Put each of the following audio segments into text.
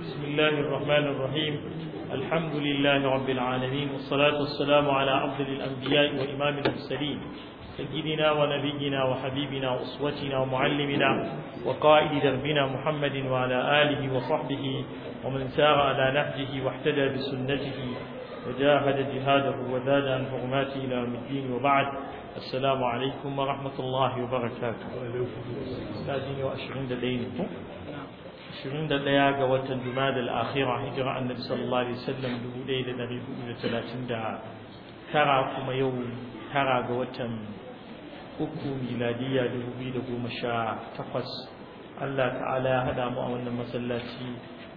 بسم الله الرحمن الرحيم الحمد لله رب العالمين والصلاة والسلام على أفضل الأنبياء وإمام المرسلين سيدنا ونبينا وحبيبنا وأسوتنا ومعلمنا وقائد دربنا محمد وعلى آله وصحبه ومن سار على نهجه واحتدى بسنته وجاهد جهاده وزاد عن حرماته إلى يوم الدين وبعد السلام عليكم ورحمة الله وبركاته أستاذين وأشعين دلينكم أشعين دلياغ وتنجماد الآخرة هجرة النبي صلى الله عليه وسلم دهو ليلة نبيه إلى ثلاثين دعاء ترى كما يوم ترى وتن أكو ميلادية دهو بيده مشاع تقص الله تعالى هدى مؤمن مسلاتي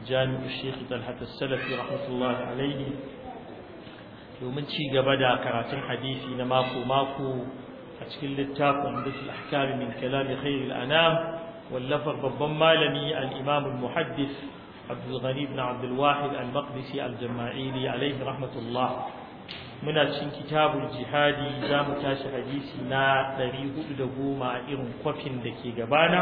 جامع الشيخ طلحة السلفي رحمة الله عليه domin ci gaba da karatun hadisi na mako-mako a cikin littafin Dusul Ahkam min kalami khairul anam wallafar babban malami al-Imam al-Muhaddis Abdul Ghani ibn al Wahid al-Maqdisi al-Jama'ili alayhi rahmatullah muna cikin kitabul jihadi zamu tashi hadisi na 410 a irin kwafin da ke gabana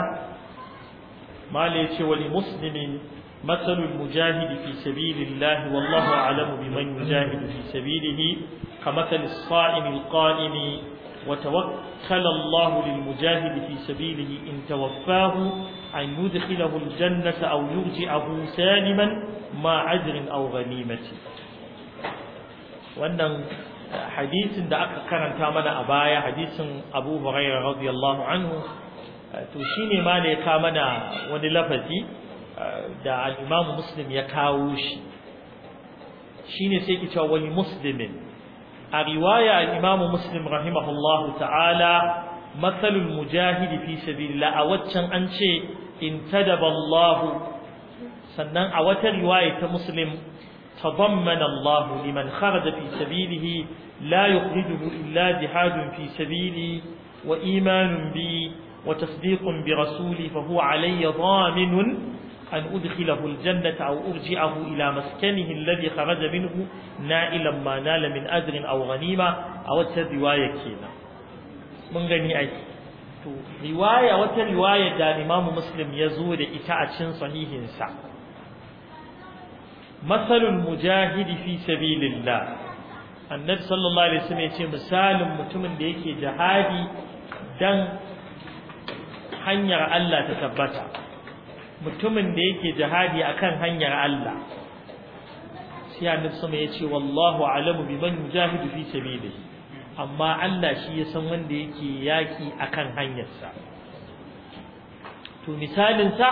mala yace wali muslimin مثل المجاهد في سبيل الله والله أعلم بمن يجاهد في سبيله كمثل الصائم القائم وتوكل الله للمجاهد في سبيله إن توفاه أن يدخله الجنة أو يرجعه سالما ما عذر أو غنيمة وأن حديث دعك كان كامنا أبايا حديث أبو هريرة رضي الله عنه تشيني ما لي كامنا ونلفتي da al-Imam Muslim ya kawo shi shine sai ki cewa wani muslimin a riwaya imamu imam Muslim rahimahullahu ta'ala mathalul mujahidi fi sabilillah a waccan an ce intadaba Allah sannan a wata riwaya ta Muslim تضمن الله لمن خرج في سبيله لا يخرجه إلا جهاد في سبيلي وإيمان بي وتصديق برسولي فهو علي ضامن an a aljannata aw urji'ahu ila maskanihi alladhi kharaja minhu na'ilan ma nala min ajrin aw ghanima aw wata riwaya kenan mun gani ai to riwaya wata riwaya da Imam Muslim ya zo da ita a cikin sahihin sa masalul mujahid fi sabilillah annabi sallallahu alaihi wasallam yace misalin mutumin da yake jihadi dan hanyar Allah ta tabbata mutumin da yake jihadi akan hanyar Allah sai annabi sama ya ce wallahu alamu biman yujahidu fi sabilihi amma Allah shi ya san wanda yake yaki akan hanyarsa to misalin sa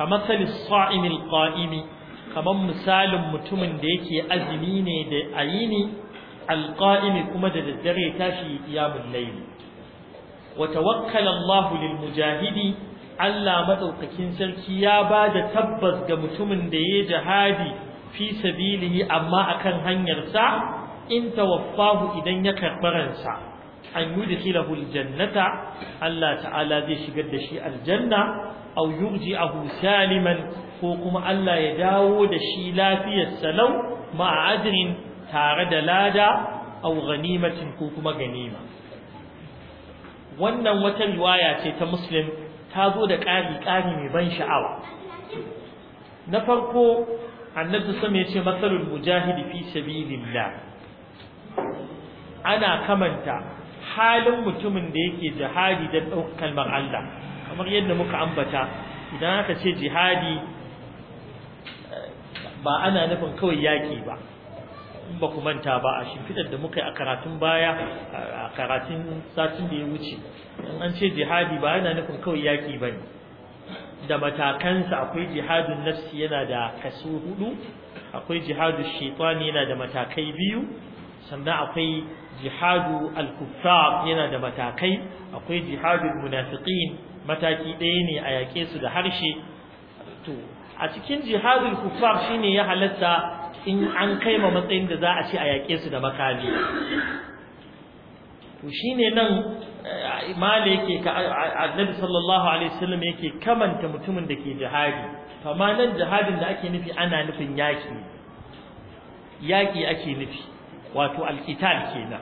kamar salis sa'imil qa'imi kamar misalin mutumin da yake azumi ne da ayini alqa'imi kuma da daddare tashi ya layli wa tawakkala Allah lil mujahidi Allah madaukakin sarki ya ba da tabbas ga mutumin da ya jihadi fi sabilihi amma akan hanyarsa in tawaffahu idan ya karɓi ransa an yudkhilahu aljannata Allah ta'ala zai shigar da shi aljanna aw a saliman ko kuma Allah ya dawo da shi lafiyar salau ma'a ajrin tare da lada aw ganimatin ko kuma ganima wannan wata riwaya ce ta muslim ta zo da ƙari ƙari mai ban sha'awa na farko annabi sama ce, masalul mujahidi fi sabilillah ana kamanta halin mutumin da yake jihadi don ɗaukar kalmar Allah kamar yadda muka ambata idan aka ce jihadi ba ana nufin kawai yaƙi ba in ba ku manta ba a shimfidar da muka yi a karatun baya a karatun satin da ya wuce in an ce jihadi ba yana nufin kawai yaki bane da matakansa akwai jihadun nafsi yana da kaso hudu akwai jihadu shaitani yana da matakai biyu sannan akwai jihadu al-kuffar yana da matakai akwai jihadul munafiƙin mataki ɗaya ne a yaƙe su da harshe to a cikin jihadul shi ne ya halatta in an kai ma matsayin da za a ci a yaƙe su da makami to shine nan mali yake ka annabi sallallahu alaihi wasallam yake kamanta mutumin da ke jihadi amma nan jihadin da ake nufi ana nufin yaki yaki ake nufi wato alkitab kenan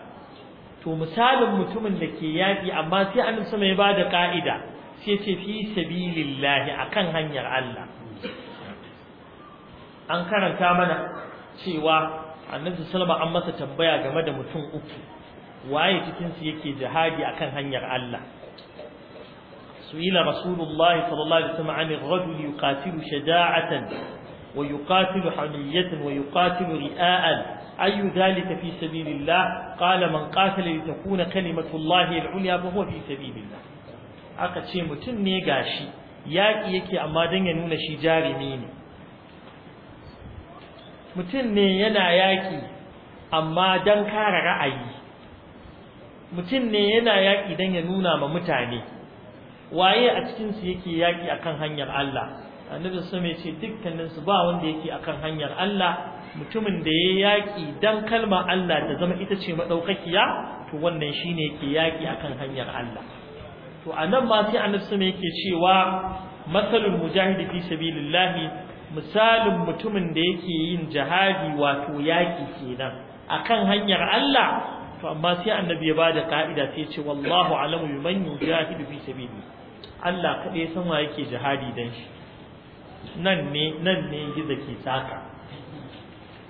to misalin mutumin da ke yaki amma sai annabi sama ya bada ka'ida sai ce fi sabilillahi akan hanyar Allah an karanta mana cewa annabi sallallahu alaihi wasallam an masa tambaya game da mutum uku waye cikinsu yake jihadi akan hanyar Allah su'ila rasulullahi sallallahu alaihi wasallam an rajul yuqatilu shaja'atan wa yuqatilu hamiyatan wa yuqatilu ri'a'an ayu dhalika fi sabilillah qala man qatala li takuna kalimatullahi al-ulya fa huwa fi sabilillah aka ce mutum ne gashi yaki yake amma dan ya nuna shi jarimi ne mutum ne yana yaki amma dan kare ra'ayi mutum ne yana yaƙi don ya nuna ma mutane waye a cikinsu yake yaƙi akan hanyar Allah annabi su mai ce dukkaninsu ba wanda yake akan hanyar Allah mutumin da ya yaƙi don kalmar Allah da zama ita ce maɗaukakiya to wannan shi ne yake yaƙi akan hanyar Allah to a nan ma sai annabi sama yake cewa masalul mujahidi fi sabilillahi misalin mutumin da yake yin jihadi wato yaƙi kenan akan hanyar Allah to amma sai annabi ya bada ka'ida sai ya ce wallahu alamu man yujahidu fi sabili Allah kaɗai ya san wa yake jihadi dan shi nan ne nan ne gizo ke saka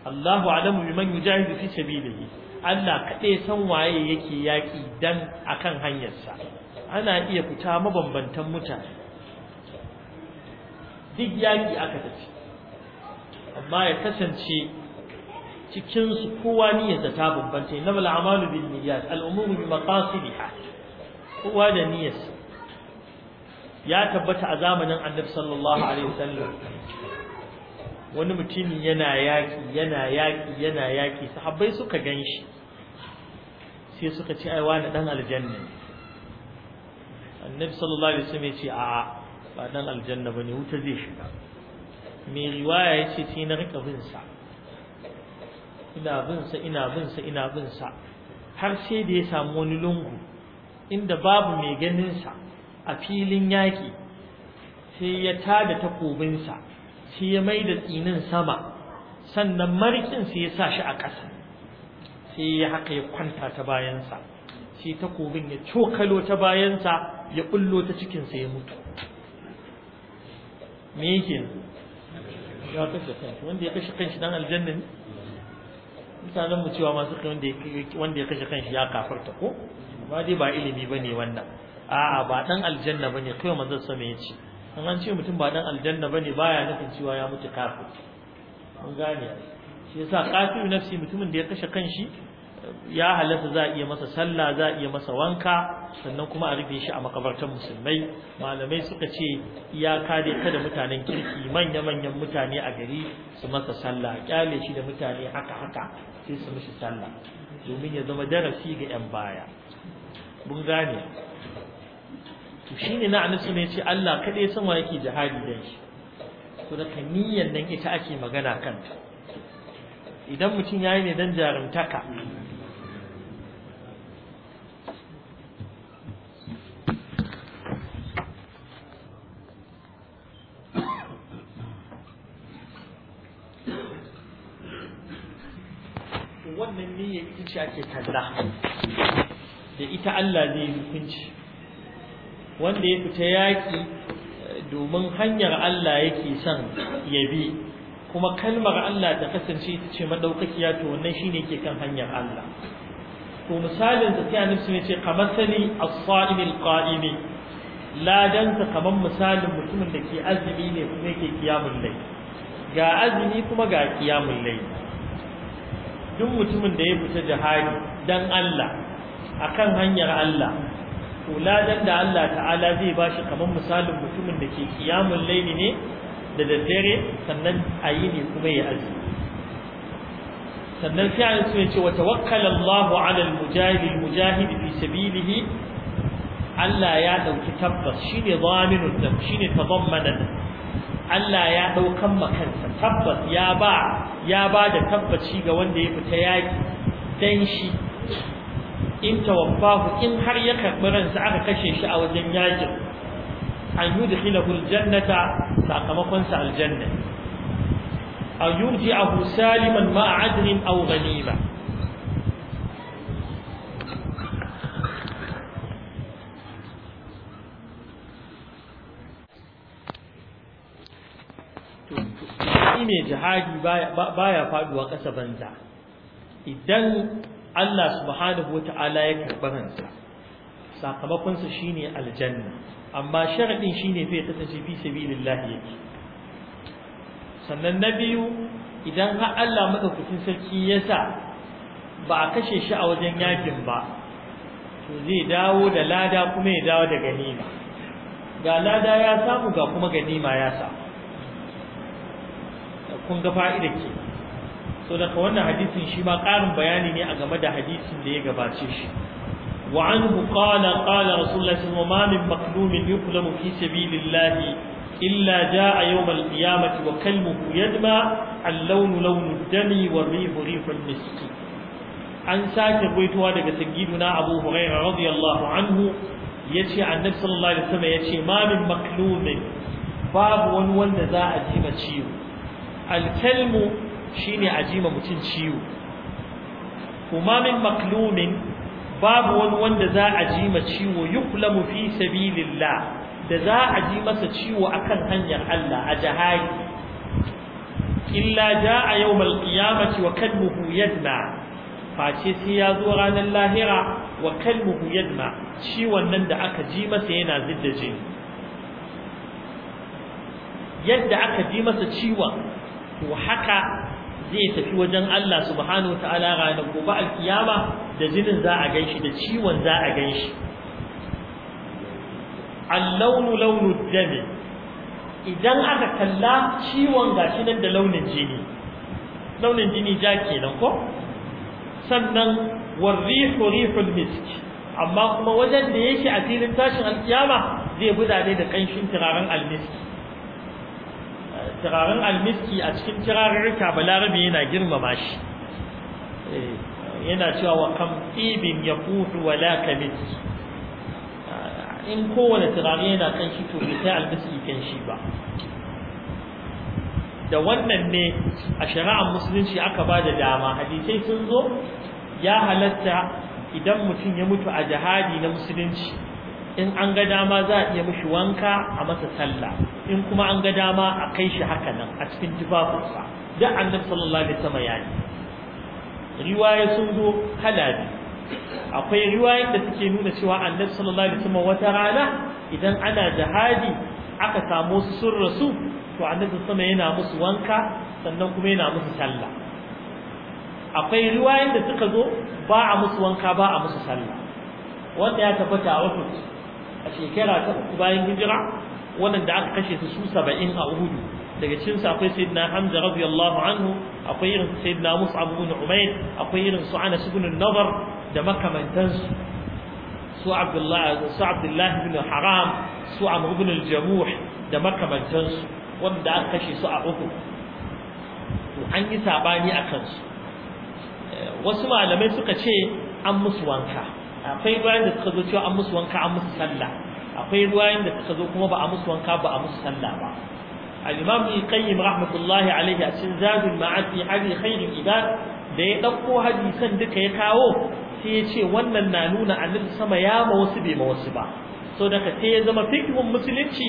Allahu alamu man yujahidu fi sabilihi Allah kaɗai ya san waye yake yaki dan akan hanyarsa ana iya fita mabambantan mutane duk yaki aka tafi amma ya kasance cikin su kowa niyyarsa ta bambanta na mal a'malu bin niyyat al umuru bi maqasidiha kowa da niyyarsa ya tabbata a zamanin annabi sallallahu alaihi wasallam wani mutumin yana yaki yana yaki yana yaki sahabbai suka ganshi sai suka ce ai wani dan aljanna annabi sallallahu alaihi wasallam ya ce a'a ba dan aljanna bane wuta zai shiga mai riwaya yace sai na rika bin sa ina bin sa ina bin sa ina bin sa har sai da ya samu wani lungu inda babu mai ganin sa a filin yaki sai ya tada takobinsa, sai ya maida tsinin sama sannan marikin sai ya sa shi a ƙasa sai ya haka ya kwanta ta bayansa sai takobin ya cokalo ta bayansa ya ɓullo ta cikinsa ya mutu me yake ya kashe kanshi wanda ya kashe kanshi dan aljanna ne mutanen mu cewa masu kai wanda ya kashe kanshi ya kafarta ko ba dai ba ilimi bane wannan a'a ba dan aljanna bane kai manzon sa me yace an an ce mutum ba dan aljanna bane baya nufin cewa ya mutu kafir mun gane shi yasa kafiru nafsi mutumin da ya kashe kanshi ya halatta za a iya masa sallah za a iya masa wanka sannan kuma a rufe shi a makabartar musulmai malamai suka ce iyaka dai kada mutanen kirki manya-manyan mutane a gari su masa sallah kyale shi da mutane haka haka sai su mishi sallah domin ya zama darasi ga 'yan baya mun gane to shine na anasu ne ce Allah kada ya san wa yake jihadi dan shi to da niyyar nan ita ake magana kanta idan mutum yayi ne dan jarumtaka rana da ita Allah zai hukunci wanda ya fita yaƙi eh, domin hanyar Allah yake son ya bi kuma kalmar Allah ta kasance ita ce madaukakiya to wannan shine yake kan hanyar Allah to misalin da sai annabi ne ce kamasali as-sa'im al-qa'im la dan ta kaman misalin mutumin da ke azumi ne kuma yake kiyamul layl ga azumi kuma ga kiyamul layl duk mutumin da ya fita jihadi dan Allah akan hanyar Allah to ladan da Allah ta'ala zai bashi kamar misalin mutumin da ke kiyamun laili ne da daddare sannan ayi ne kuma ya azumi sannan sai an so yace wa tawakkala Allah ala al-mujahid al-mujahid fi sabilih Allah ya dauki tabbas shine zaminun da shine tazammana Allah ya daukan makansa tabbas ya ba ya ba da tabbaci ga wanda ya fita yaki dan shi in tawaffahu in har ya karɓi ransa aka kashe shi a wajen yakin an yudkhilahu aljannata sakamakon sa aljanna yurji Abu saliman ma'a adlin aw ghanima mai jihadi baya faduwa ƙasa banza idan Allah subhanahu wata'ala ya karɓi ransa sakamakon sa shine aljanna amma sharadin shine zai kasance fi sabilillah yake sannan na biyu idan har Allah madaukakin sarki yasa ba a kashe shi a wajen yakin ba to zai dawo da lada kuma ya dawo da ganima ga lada ya samu ga kuma ganima ya samu kun ga fa'ida ke so daga wannan hadisin shi ma ƙarin bayani ne a game da hadisin da ya gabace shi wa anhu qala qala rasulullahi sallallahu alaihi wasallam maqlumin yuqlamu fi sabilillah illa jaa yawm alqiyamati wa ku yadma al-lawn launu launu dami wa rihu rihu an sake baitowa daga sayyiduna abu hurairah radiyallahu anhu yace annabi sallallahu alaihi wasallam yace ma min maklumin babu wani wanda za a ji ciwo al-kalmu shine ajima mutun ciwo Kumamin maklumin babu wani wanda za a ji ma ciwo yuklamu fi sabilillah da za a ji masa ciwo akan hanyar Allah a jahari illa jaa yawmal qiyamati wa kalbuhu yadma face sai ya zo ranar lahira wa kalbuhu yadma ciwon nan da aka ji masa yana zidda jini yadda aka ji masa ciwon to haka zai tafi wajen Allah subhanahu wa ta'ala ranar gobe alkiyama da jinin za a ganshi da ciwon za a ganshi allaunu launu dami idan aka kalla ciwon gashi nan da launin jini launin jini ja kenan ko sannan warrihu rihul misk amma kuma wajen da yake a filin tashin alkiyama zai buda ne da kanshin turaren almiski turaren almiski a cikin turarurruka balarabi yana girmama shi eh, yana cewa wa kam ibin ya kuhu wa la miski. Ah, in kowane turare yana kan shi to bai kai almiski kan shi ba da wannan ne a shari'ar musulunci aka ba da dama hadisai sun zo ya halatta idan mutum ya mutu a jihadi na musulunci in an ga dama za a iya mishi wanka a masa sallah in kuma an ga dama a kai shi haka nan a cikin tufafinsa da annabi sallallahu alaihi wasallam ya yi riwaya sun zo kala akwai riwayar da take nuna cewa annabi sallallahu alaihi wasallam wata rana idan ana jihadi aka samu sun rasu to annabi sallallahu yana musu wanka sannan kuma yana musu sallah akwai riwayar da suka zo ba a musu wanka ba a musu sallah wanda ya tabbata a wasu a shekara ta uku bayan hijira wannan da aka kashe su su saba'in a uhudu daga cikin su akwai sayyidina hamza radiyallahu anhu akwai irin sayyidina mus'ab ibn umayr akwai irin su anas ibn nadar da makamantansu su abdullahi su abdullahi ibn haram su amr ibn al-jamuh da makamantansu wanda aka kashe su a uku to an yi sabani akan su eh, wasu malamai suka ce an musu wanka akwai ruwayan da suka zo cewa an musu wanka an musu sallah akwai ruwayan da suka zo kuma ba a musu wanka ba a musu sallah ba al-imam ibn qayyim rahmatullahi alayhi a cikin zadul ma'ad fi hadi khairul ibad da ya dauko hadisan duka ya kawo sai ya ce wannan na nuna annabi sama ya ma wasu bai ma wasu ba so daga sai ya zama fikhun musulunci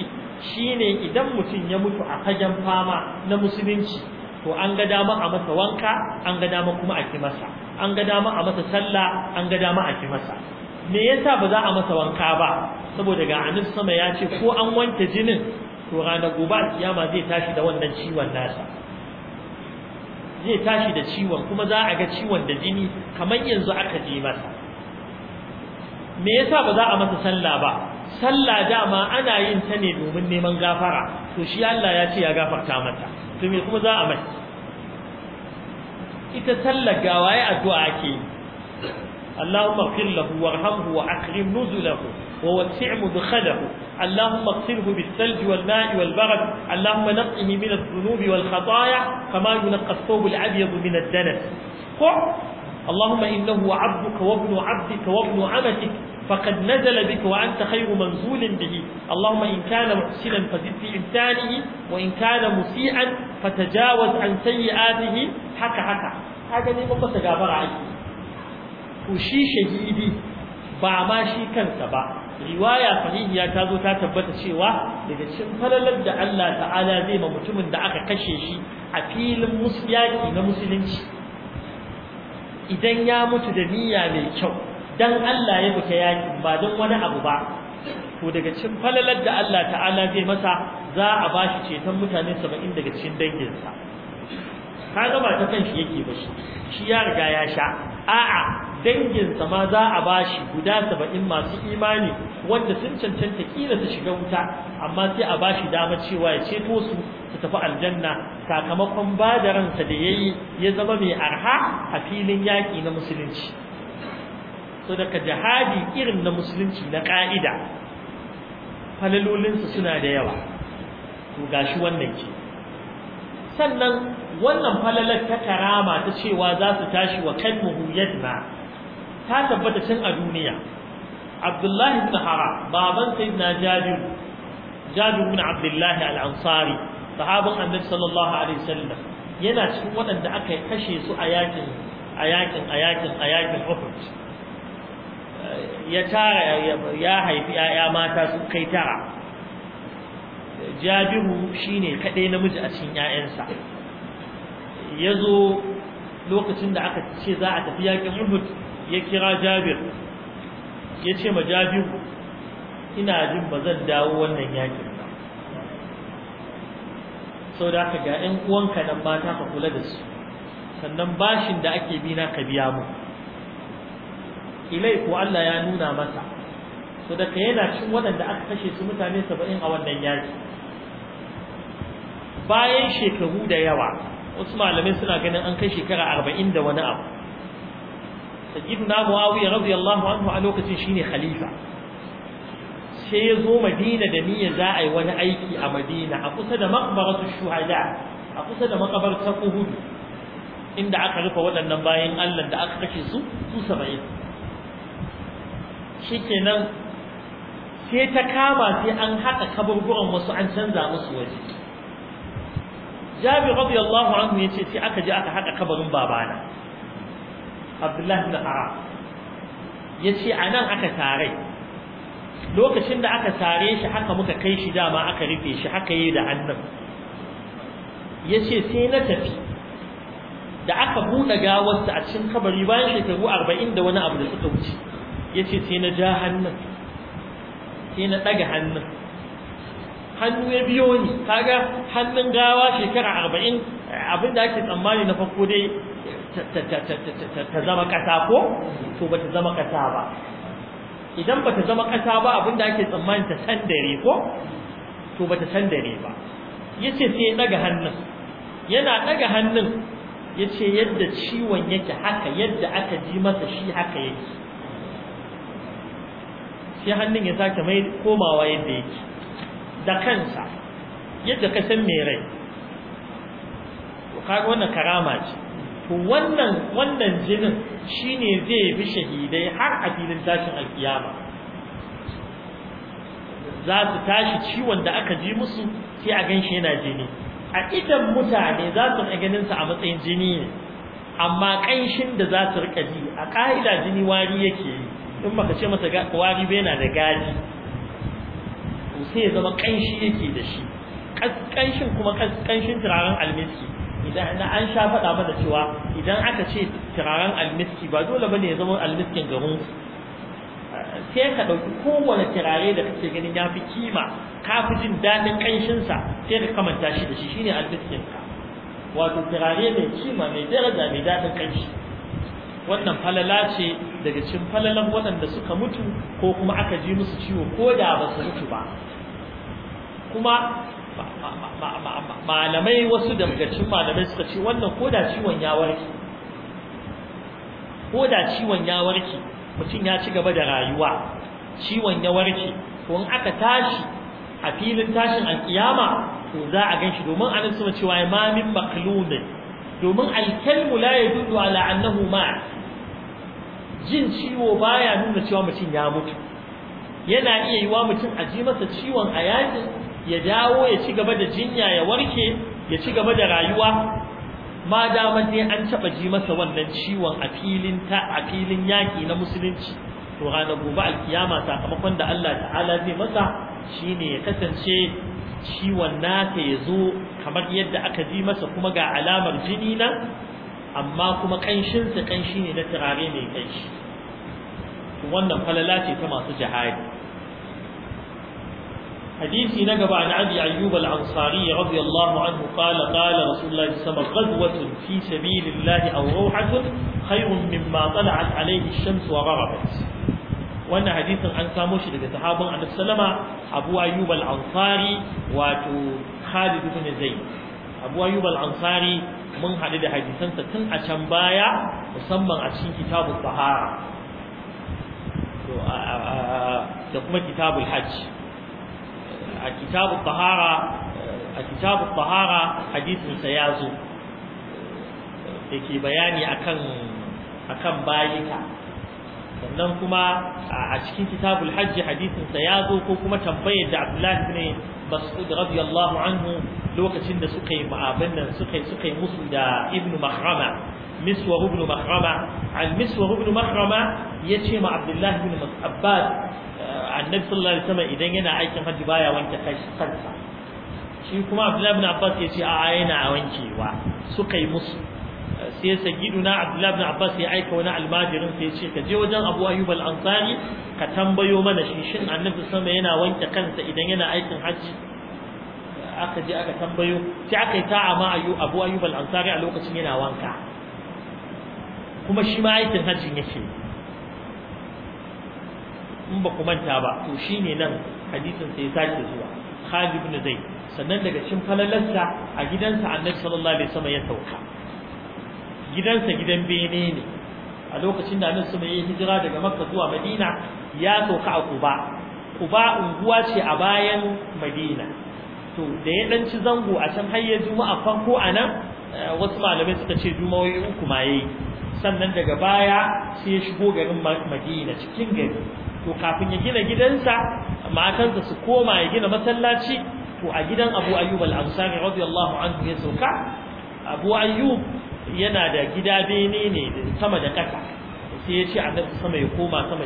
shine idan mutum ya mutu a fagen fama na musulunci to an ga dama a masa wanka an ga dama kuma a ki masa an ga dama a masa sallah an ga dama a ki masa me yasa ba za a masa wanka ba saboda ga annabi sama ya ce ko an wanke jinin to ranar gobe kiyama zai tashi da wannan ciwon nasa zai tashi da ciwon kuma za a ga ciwon da jini kamar yanzu aka ji masa me yasa ba za a masa sallah ba sallah dama ana yin ta ne domin neman gafara to shi Allah ya ce ya gafarta mata to me kuma za a mai ita sallar gawaye addu'a ake اللهم اغفر له وارحمه واكرم نزله ووسع مدخله اللهم اغسله بالثلج والماء والبرد اللهم نقه من الذنوب والخطايا كما ينقى الثوب الابيض من الدنس اللهم انه عبدك وابن عبدك وابن عمتك فقد نزل بك وانت خير منزول به اللهم ان كان محسنا فزد في امتانه وان كان مسيئا فتجاوز عن سيئاته haka haka ka ne ba masa gabara ake to shi shahidi ba ma shi kansa ba riwaya sahihiya ta zo ta tabbata cewa daga cikin falalar da Allah ta'ala zai ma mutumin da aka kashe shi a filin yaƙi na musulunci idan ya mutu da niyya mai kyau dan Allah ya buke yaki ba dan wani abu ba to daga cikin falalar da Allah ta'ala zai masa za a bashi ceton mutane 70 daga cikin danginsa kaga ba ta kanshi shi yake ba shi shi ya riga ya sha a'a danginsa ma za a bashi guda saba'in masu imani wanda sun cancanta kila su shiga wuta amma sai a bashi dama cewa ya ceto su su tafi aljanna sakamakon bada ransa da yayi ya zama mai arha a filin yaƙi na musulunci so daga jihadi irin na musulunci na ƙa'ida falalolinsu suna da yawa to gashi wannan ke sannan wannan falalar ta karama ta cewa za su tashi wa kalmuhu yadma ta tabbata cin a duniya Abdullahi ibn Hara, baban sayyidina Jabir Jabir ibn Abdullahi al-Ansari sahabin Annabi sallallahu alaihi wasallam yana cikin waɗanda aka kashe su a yakin a yakin a yakin a yakin Uhud ya tara ya haifi ya mata su kai tara Jabiru shine kadai namiji a cikin 'ya'yansa. ya zo lokacin da aka ce za a tafi yakin uhud ya kira jabir ya ce ma jabir ina jin ba zan dawo wannan yakin ba sau da aka ga 'yan uwanka nan mata ka kula da su sannan bashin da ake bi na ka biya mu ilai ko Allah ya nuna masa so ka yana cin waɗanda aka kashe su mutane saba'in a wannan yaki bayan shekaru da yawa wasu malamai suna ganin an kai shekara arba'in da wani abu sayyidina muawiya radiyallahu anhu a lokacin shine khalifa sai ya zo madina da niyya za a yi wani aiki a madina a kusa da makabaratu shuhada a kusa da makabartar uhud inda aka rufe waɗannan bayan Allah da aka kashe su su 70 shikenan sai ta kama sai an haɗa kaburburan wasu an canza musu waje jabir radiyallahu anhu yace sai aka je aka haɗa kabarin babana abdullahi ibn haram yace anan aka tare lokacin da aka tare shi haka muka kai shi dama aka rufe shi haka yi da hannun yace sai na tafi da aka buɗe gawarsa a cikin kabari bayan shekaru arba'in da wani abu da suka wuce yace sai na ja hannun sai na ɗaga hannun hannu ya biyo ni kaga hannun gawa shekara arba'in abin da ake tsammani na farko dai ta zama ƙasa ko to ba ta zama ƙasa ba idan ba ta zama ƙasa ba abin da ake tsammani ta sandare ko to ba ta sandare ba ya ce sai daga hannun yana daga hannun ya ce yadda ciwon yake haka yadda aka ji masa shi haka yake sai hannun ya sake mai komawa yadda yake da kansa yadda ka san mai rai kaga wannan karama ce to wannan wannan jinin shine zai bi shahidai har a filin tashin alkiyama za su tashi ciwon da aka ji musu sai a ganshi yana jini a idan mutane za su ga ganin a matsayin jini ne amma kanshin da za su rika ji a ka'ida jini wari yake in baka ce masa wari bai na da gadi to sai ya zama kanshi yake da shi kanshin kuma kanshin turaren almiski idan an sha faɗa mana cewa idan aka ce turaren almiski ba dole bane ya zama almiskin garin sai ka ɗauki kowane turare da kake ganin ya fi kima ka fi jin daɗin ƙanshinsa sai ka kamanta shi da shi shine almiskin ka wato turare mai kima mai daraja mai daɗin ƙanshi wannan falala ce daga cin falalan waɗanda suka mutu ko kuma aka ji musu ciwo ko da ba su mutu ba kuma malamai wasu daga cin malamai suka ce wannan ko da ciwon ya warke ko da ciwon ya warke mutum ya ci gaba da rayuwa ciwon ya warke ko in aka tashi a filin tashin alkiyama ko za a ganshi domin anan suna cewa ma min makluni domin alkalmu la yadullu ala annahu ma jin ciwo baya nuna cewa mutum ya mutu yana iya yiwa mutum a ji masa ciwon a yaji ya dawo ya ci gaba da jinya ya warke ya ci gaba da rayuwa ma dama dai an taɓa ji masa wannan ciwon a filin ta a filin yaki na musulunci to ranar gobe alkiyama sakamakon da Allah ta'ala zai masa shine ya kasance ciwon nata ya zo kamar yadda aka ji masa kuma ga alamar jini na? amma kuma kanshinsa kanshi ne na turare mai kanshi wannan falala ce ta masu jihadi hadisi na gaba an abi ayyub al-ansari radiyallahu anhu qala qala rasulullah sallallahu alaihi wasallam ghadwatun fi sabilillah aw rawhatun khayrun mimma tala'at alayhi ash-shams wa gharabat wannan hadisin an samo shi daga sahabban annabi sallama abu ayyub al-ansari wato khalid ibn zaid abu ayyub al-ansari mun haɗu da hadisansa tun a can baya musamman a cikin kitabul to da kuma kitabul hajj a kitabul Sahara a kitabul hadisin sa ya zo da ke bayani akan akan bayika sannan kuma a cikin kitabul hadisin sa ya zo ko kuma tambayar da Abdullah ne Mas'ud radiyallahu anhu lokacin da suka yi abin nan suka suka yi musu da Ibn Mahrama Miswar ibn Mahrama al Miswar ibn Mahrama yace ma Abdullah ibn Abbas eh, annabi sallallahu alaihi wasallam idan yana aikin hajji baya wanke kansa shi kuma Abdullah ibn Abbas yace a yana wankewa suka yi musu sai sayyiduna Abdullahi ibn abbas ya aika wani almajirin sai ya ce ka je wajen abu ayyub al-ansari ka tambayo mana shi shin annabi sama yana wanke kansa idan yana aikin hajji aka je aka tambayo sai aka yi ta'a ma abu ayyub al-ansari a lokacin yana wanka kuma shi ma aikin hajjin yake in ba ku manta ba to shine nan hadisin sai ya sake zuwa Khalid ibn Zaid sannan daga cikin falalarsa a gidansa Annabi sallallahu alaihi wasallam ya sauka gidansa gidan bene ne a lokacin da annabi wasallam ya hijira daga makka zuwa madina ya sauka a kuba kuba unguwa ce a bayan madina to da ya dan ci zango a can har ya juma'a farko a nan eh, wasu malamai suka ce juma'o'i uku ma yayi sannan daga baya sai ya shigo garin madina cikin gari to kafin ya gina gidansa matansa su koma ya gina masallaci to a gidan abu ayyub al-ansari radiyallahu anhu ya sauka abu ayyub yana da gida bene ne sama da ƙasa sai ya ce annabi sama ya koma sama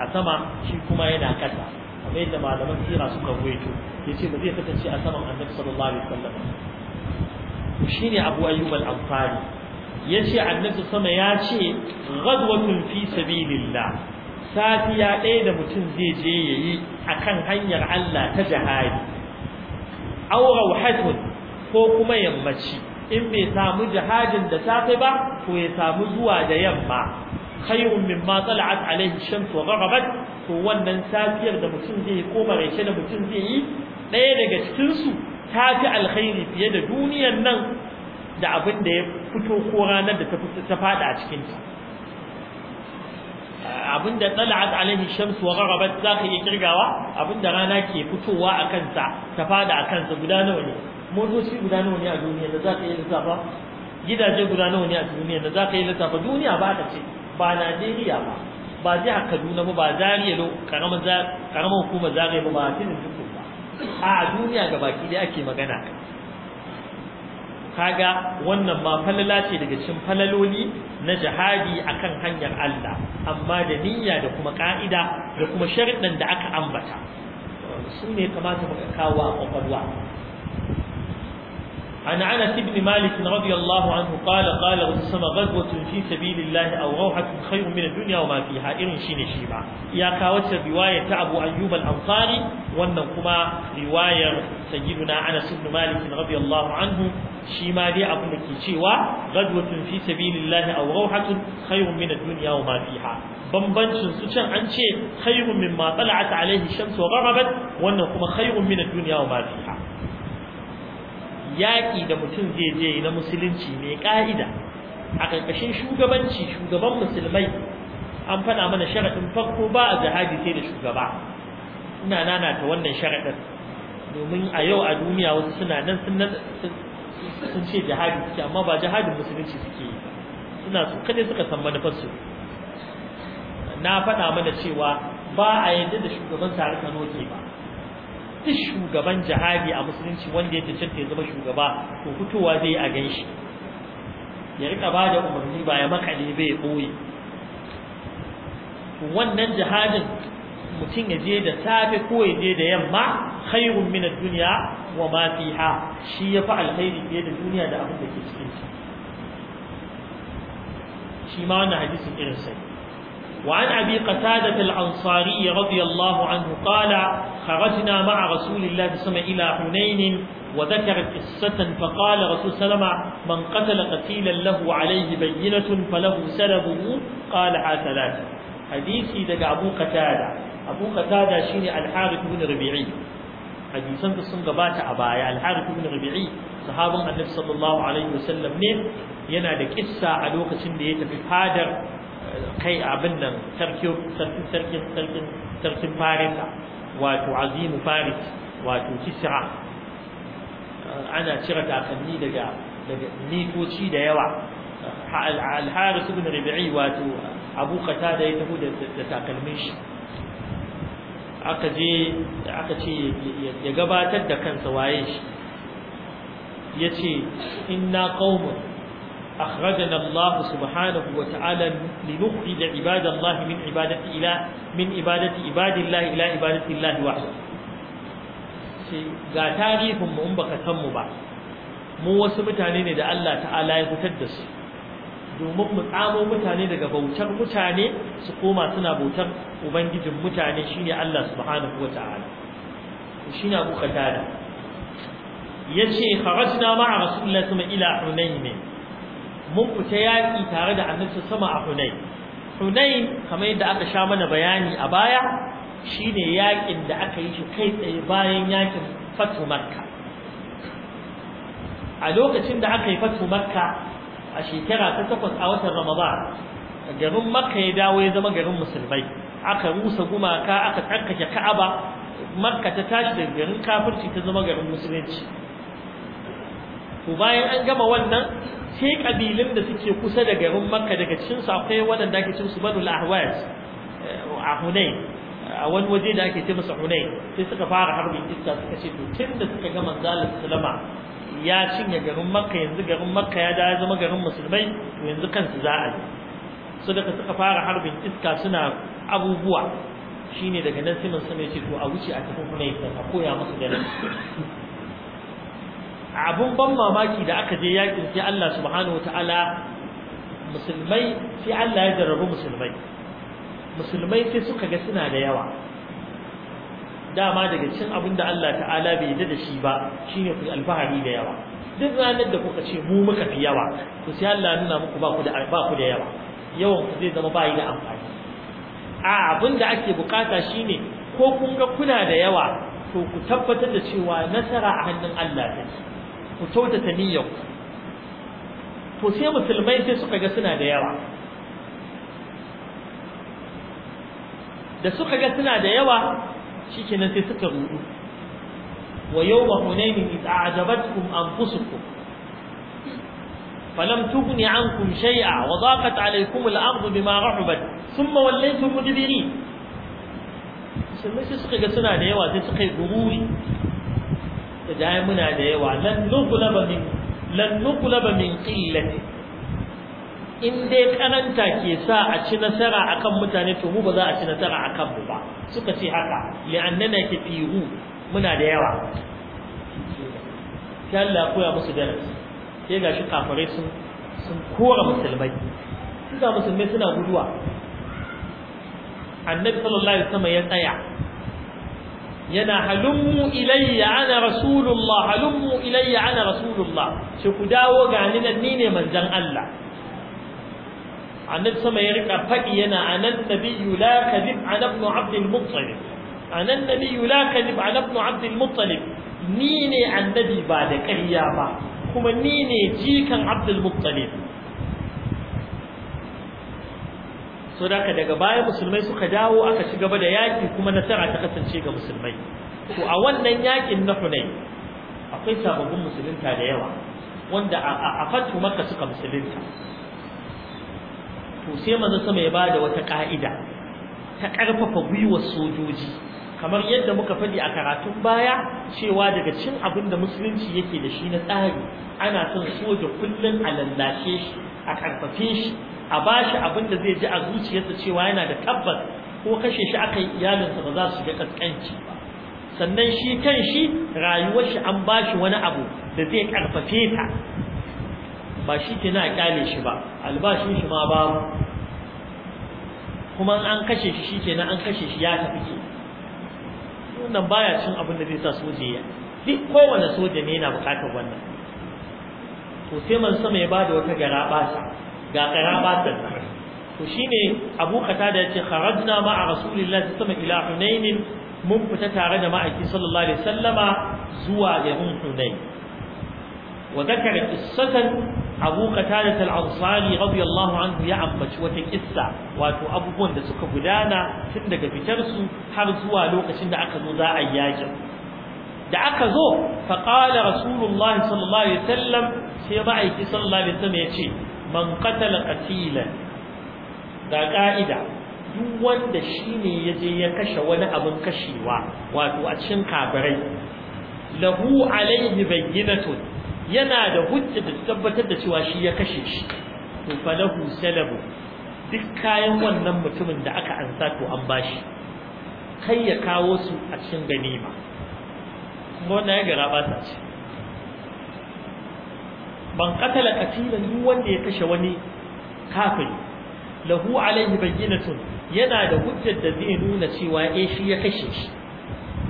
a sama shi kuma yana ƙasa kamar yadda malaman sira suka ruwaito ya ce ba zai kasance a saman annabi sallallahu alaihi wasallam shi ne abu ayyub al-ansari ya ce annabi sama ya ce ghadwatun fi sabilillah safiya ɗaya da mutum zai je ya yi a kan hanyar Allah ta jihadi aw rawhatun ko kuma yammaci in bai samu jihadin da safe ba to ya samu zuwa da yamma khairun mimma tala'at alaihi shams wa ghabat to wannan safiyar da mutum zai yi ko maraice da mutum zai yi ɗaya daga cikin su ta fi alkhairi fiye da duniyar nan da abin da ya fito ko ranar da ta fada a cikin ta abin da tala'at alaihi shams wa ghabat zaka iya kirgawa abin da rana ke fitowa a kansa ta fada a kansa guda nawa ne motoci guda nawa ne a duniya da za ka yi lissafa gidaje guda nawa ne a duniya da za ka yi lissafa duniya ba ta ce ba najeriya ba ba jihar kaduna ba ba zariya lo karamar hukumar zariya ba ba tinin duk ba a duniya ga baki da ake magana kaga wannan ma falala ce daga cikin falaloli na jihadi akan hanyar Allah amma da niyya da kuma ka'ida da kuma sharuɗan da aka ambata su ne kamata mu kawo a kwakwalwa عن عنس بن مالك رضي الله عنه قال قال وسم غزوة في سبيل الله أو روحة خير من الدنيا وما فيها إرن شين شيما يا كاوت رواية أبو أيوب الأنصاري وأنكما رواية سيدنا أنس بن مالك رضي الله عنه شيما دي أبو مكيشيوا غزوة في سبيل الله أو روحة خير من الدنيا وما فيها bambancin su can an ce khairun mimma tala'at alaihi shamsu wa gharabat wannan kuma khairun min ad-dunya wa ma fiha yaƙi da mutum zai je na musulunci mai ƙa'ida a ƙarƙashin shugabanci shugaban musulmai an faɗa mana sharaɗin farko ba a jihadi sai da shugaba ina ta wannan sharaɗin domin a yau a duniya wasu suna nan sun ce jihadi suke amma ba jihadin musulunci suke yi suna su kaɗai suka san manufarsu na faɗa mana cewa ba a yadda da shugaban tare kano ke ba duk shugaban jihadi a musulunci wanda ya tace ya zama shugaba to fitowa zai a ganshi shi ya rika ba da umarni ba ya makale bai boye wannan jihadin mutum ya je da safe ko ya je da yamma khairun min ad-dunya wa ma fiha shi ya yafi alkhairi fiye da duniya da abin da ke cikin shi. shi ma wannan hadisin irin sai وعن أبي قتادة الأنصاري رضي الله عنه قال خرجنا مع رسول الله صلى الله عليه وسلم إلى حنين وذكر قصة فقال رسول سلم من قتل قتيلا له عليه بينة فله سلبه قال ثلاثة حديثي لك أبو قتادة أبو قتادة شيني الحارث بن ربيعي حديثاً sun gabata a baya al-harith ibn rabi'i sahabban annabi sallallahu alaihi wasallam ne yana da kissa a lokacin da ya tafi fadar kai abin nan sarkin sarkin sarkin sarkin farisa wato azimu faris wato kisra ana cire takalmi daga daga mitoci da yawa al-haris ibn rabi'i wato abu qatada ya tafi da takalmin shi aka je aka ce ya gabatar da kansa waye shi yace inna qaumun أخرجنا الله سبحانه وتعالى لنخرج عباد الله من عبادة إلى من عبادة عباد الله إلى عبادة الله وحده ga tarihin mu in ba san mu ba mu wasu mutane ne da Allah ta'ala ya fitar da su domin mu tsamo mutane daga bautar mutane su koma suna bautar ubangijin mutane shine Allah kuwa ta'ala. wataala shine Abu Qatada yace kharajna ma'a rasulillahi sallallahu alaihi wasallam ila Hunayn mun fita yaƙi tare da annabi sama a hunai. Hunai, kamar yadda aka sha mana bayani a baya shine yaƙin da aka yi shi kai tsaye bayan yakin Fatu Makka a lokacin da aka yi Fatu Makka a shekara ta takwas a watan Ramadan garin Makka ya dawo ya zama garin musulmai aka rusa gumaka aka tsarkake Ka'aba Makka ta tashi da garin kafirci ta zama garin musulunci to bayan an gama wannan sai kabilin da suke kusa da garin makka daga cikin su akwai waɗanda ake cin su al ahwaz eh, a hunain a wani waje da ake ce masa hunain sai suka fara harbin iska suka ce to tun da suka gama manzalar sulama ya cinye garin makka yanzu garin makka ya da zama garin musulmai to yanzu kansu za a yi su daga suka fara harbin iska suna abubuwa shine daga nan sai mun same ce to a wuce a tafi hunain a koya musu da nan abun ban mamaki da aka je yakin sai Allah subhanahu wataala musulmai sai Allah ya jarrabu musulmai musulmai sai suka ga suna da yawa dama daga cin abin da Allah ta'ala bai yadda da shi ba shine ku alfahari da yawa duk ranar da kuka ce mu muka fi yawa to sai Allah nuna muku ba ku da ba ku da yawa yawan ku zai zama ba da amfani a abin da ake bukata shine ko kun ga kuna da yawa to ku tabbatar da cewa nasara a hannun Allah take ku kyautata niyyar to sai musulmai sai suka ga suna da yawa da suka ga suna da yawa shikenan sai suka rudu wa yawma hunayn id a'jabatkum anfusukum falam tughni ankum shay'a wa daqat alaykum al-ardu bima rahabat thumma wallaytum Musulmai sai suka ga suna da yawa sai suka yi gururi da ja muna da yawa lan nuqlaba min lan nuqlaba min qillati in dai karanta ke sa a ci nasara akan mutane to mu ba za a ci nasara akan mu ba suka ce haka li'annana kafiru muna da yawa sai Allah koya musu darasi sai gashi kafare sun sun kora musulmai suka musulmai suna guduwa annabi sallallahu alaihi wasallam ya tsaya yana halummu ilayya ana rasulullah halummu ilayya ana rasulullah shi ku dawo ga ni nan ni ne manzon Allah annabi sama ya rika fadi yana anan nabiyyu la kadhib ala ibn abd al-muttalib anan nabiyyu la kadhib ala ibn abd al-muttalib ni ne annabi ba da ƙarya ba kuma ni ne jikan abd al-muttalib so daga daga baya musulmai suka dawo aka ci gaba da yaki kuma nasara ta kasance ga musulmai to a wannan yakin na Hunayn akwai sababbin musulunta da yawa wanda a fatu maka suka musulunta to sai manzo sama ya bada wata ka'ida ta karfafa gwiwar sojoji kamar yadda muka faɗi a karatun baya cewa daga cin abin da musulunci yake da shi na tsari ana son soja kullum a lallashe shi a karfafe shi a bashi abin da zai ji a zuciyarsa cewa yana da tabbas ko kashe shi aka yi iyalinsa ba za su ga kaskanci ba sannan shi kan shi rayuwar shi an shi wani abu da zai karfafe ta ba shi ke na kyale shi ba albashin shi ma babu kuma an kashe shi shi ke an kashe shi ya tafi ke wannan baya cin abin da zai sa soja ya duk kowane soja ne yana bukatar wannan to sai man sama ya bada wata gara basa ga karabatar to shine Abu Qatada yace kharajna ma'a Rasulillahi sallallahu alaihi ila Hunain mun fita tare da ma'aiki sallallahu alaihi wasallama zuwa yamin Hunain wa dhakara qissatan Abu Qatada al-Ansari radiyallahu anhu ya ambaci wata kissa wato abubuwan da suka gudana tun daga fitar su har zuwa lokacin da aka zo za a yaji da aka zo fa qala Rasulullahi sallallahu alaihi wasallam sai ma'aiki sallallahu alaihi wasallam yace man qatala qatila ga ka'ida duk wanda shine yaje ya kashe wani abin kashewa wato a cikin kabarai lahu alaihi bayyinatu yana da hujja da tabbatar da cewa shi ya kashe shi to falahu salabu duk kayan wannan mutumin da aka ansa to an bashi kai ya kawo su a cikin ganima kuma wannan ya ga ba ta ce man qatala qatilan duk wanda ya kashe wani kafiri lahu alaihi bayyinatun yana da hujjar da zai nuna cewa eh shi ya kashe shi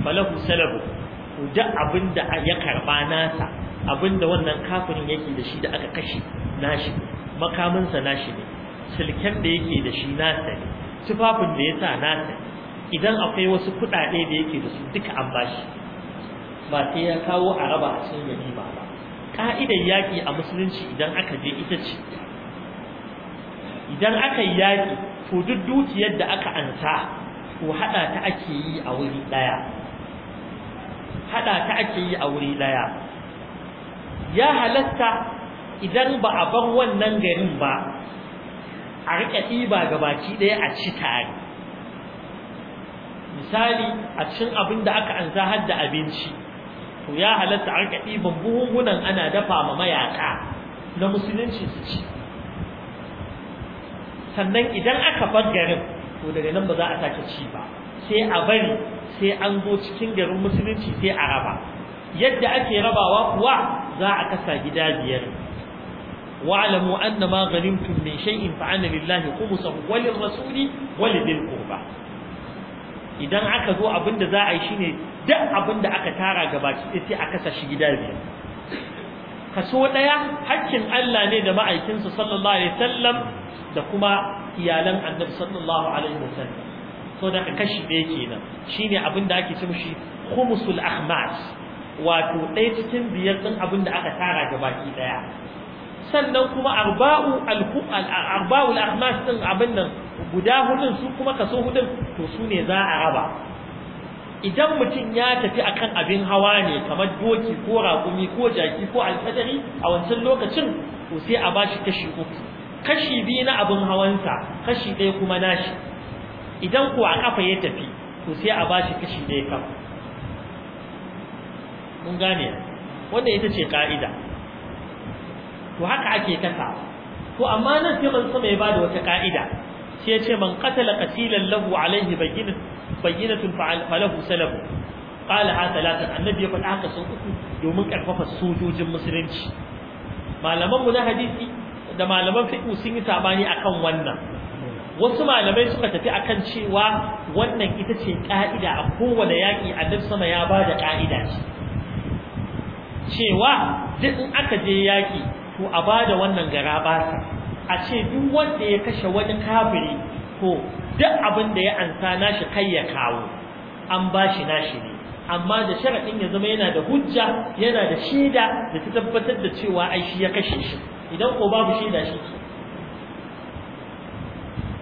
falahu salabu duk abinda ya karba nasa abinda wannan kafirin yake da shi da aka kashe nashi sa nashi ne silken da yake da shi nasa ne tufafin da ya nasa idan akwai wasu kuɗaɗe da yake da su duka an bashi ba sai ya kawo araba a cikin yamima ba ka'idar yaƙi a musulunci idan aka je ita ce idan aka yi yaƙi to duk dukiyar da aka ansa ko haɗa ta ake yi a wuri ɗaya haɗa ta ake yi a wuri ɗaya ya halatta idan ba a bar wannan garin ba a riƙe ɗiba ga baki ɗaya a ci tare misali a cin abin da aka ansa har da abinci to ya halatta a rika ɗiban buhunhunan ana dafa ma mayaka na musulunci su ci sannan idan aka bar garin to daga nan ba za a sake ci ba sai a bari sai an zo cikin garin musulunci sai a raba yadda ake rabawa kuwa za a kasa gida biyar wa'lamu anna ma ghanimtum min shay'in fa anna lillahi khumsahu wa lirrasuli wa lidhil idan aka zo abinda da za a yi shine duk abin da aka tara gabaki sai a kasa shi gida biyu kaso daya hakkin Allah ne da sa sallallahu alaihi wasallam da kuma iyalan annabi sallallahu alaihi wasallam so da kashi ɗaya kenan shine abin da ake ce shi khumsul ahmas wato ɗaya cikin biyar ɗin abin da aka tara gabaki ɗaya sannan kuma arba'u arba'u al-ahmas din abin nan guda hudun su kuma kaso hudun to su ne za a raba idan mutum ya tafi akan abin hawa ne kamar doki ko raƙumi ko jaki ko alfadari a wancan lokacin to sai a bashi kashi uku kashi biyu na abin hawansa kashi ɗaya kuma nashi idan ko a kafa ya tafi to sai a bashi kashi ɗaya kafa mun gane wannan ita ce ka'ida to haka ake kasa to amma nan sai man sama ya bada wata ka'ida sai ya ce man qatala qatilan lahu alaihi bayyinatun bayyinatun falahu salabu qala ha talatan annabi ya faɗa haka sun uku domin karfafa sojojin musulunci malaman mu na hadisi da malaman fiqh sun yi sabani akan wannan wasu malamai suka tafi akan cewa wannan ita ce ka'ida a kowane yaƙi annabi sama ya bada ka'ida ce cewa duk in aka je yaƙi to a bada wannan gara ba a ce duk wanda ya kashe wani kafiri ko duk abin da ya ansa nashi kai ya kawo an bashi nashi ne amma da sharaɗin ya zama yana da hujja yana da shaida da ta tabbatar da cewa ai shi ya kashe shi idan ko babu shaida shi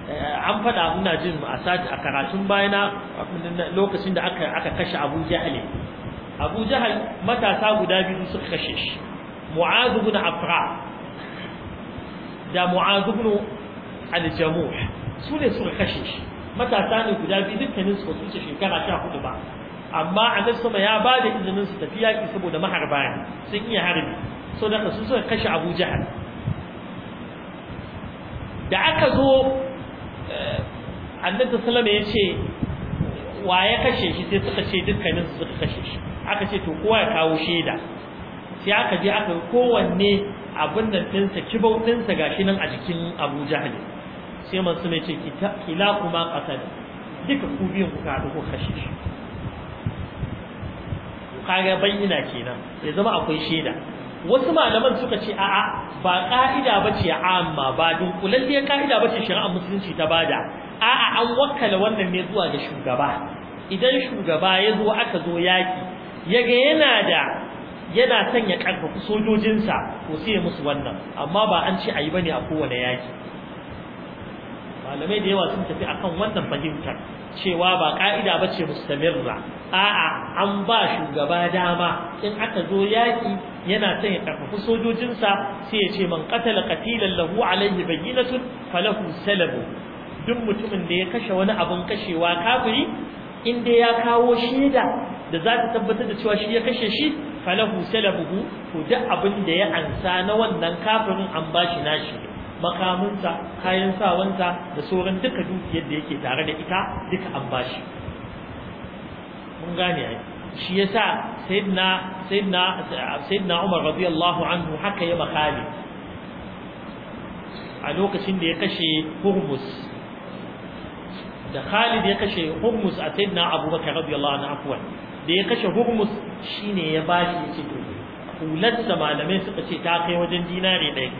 eh, an faɗa muna jin a sati a karatun bayana lokacin da aka kashe Abu Jahal Abu Jahal matasa guda biyu suka kashe shi معاذ بن afra da معاذ بن الجموح su ne suka kashe matasa ne guda biyu dukkanin su su ce ta 14 ba amma annabi sama ya ba da izinin su يعني سن saboda maharba سو sun iya harbi so da da aka zo eh, annabi sallama ya ce wa ya kashe shi sai suka ce dukkanin su suka kashe shi aka ce to kowa ya kawo shaida sai aka je aka kowanne abin nan tinsa kibau gashi nan a jikin abu jahal sai masu mai ce kila kuma ƙasar duka ku biyun ku kaɗu ku kashe shi kaga bayyana kenan ya zama akwai shaida wasu malaman suka ce a'a ba ka'ida bace amma ba ƙa'ida ka'ida bace shari'an musulunci ta bada a'a an wakkala wannan ne zuwa ga shugaba idan shugaba ya zo aka zo yaki yaga yana da yana sanya ya karfafi sojojinsa ko sai musu wannan amma ba an ce ayi bane a kowane yaki malamai da yawa sun tafi akan wannan fahimtar cewa ba ka'ida bace mustamirra a'a an ba shugaba dama in aka zo yaki yana son ya karfafi sojojinsa sai ya ce man qatala qatilan lahu alayhi bayyinatun falahu salabu duk mutumin da ya kashe wani abun kashewa kafiri in dai ya kawo shida da za ta tabbatar da cewa shi ya kashe shi falahu salabuhu to duk abin da ya ansa na wannan kafirin an bashi nashi makamunta, kayan sawanta da sauran duka dukiyar da yake tare da ita duka an bashi mun gane ai shi yasa sayyidina sayyidina sayyidina Umar radiyallahu anhu haka ya makali a lokacin da ya kashe Hurmus da Khalid ya kashe Hurmus a sayyidina Abu Bakar radiyallahu anhu da ya kashe hurmus shi ne ya bashi ya ce to malamai suka ce ta kai wajen dinare ɗaya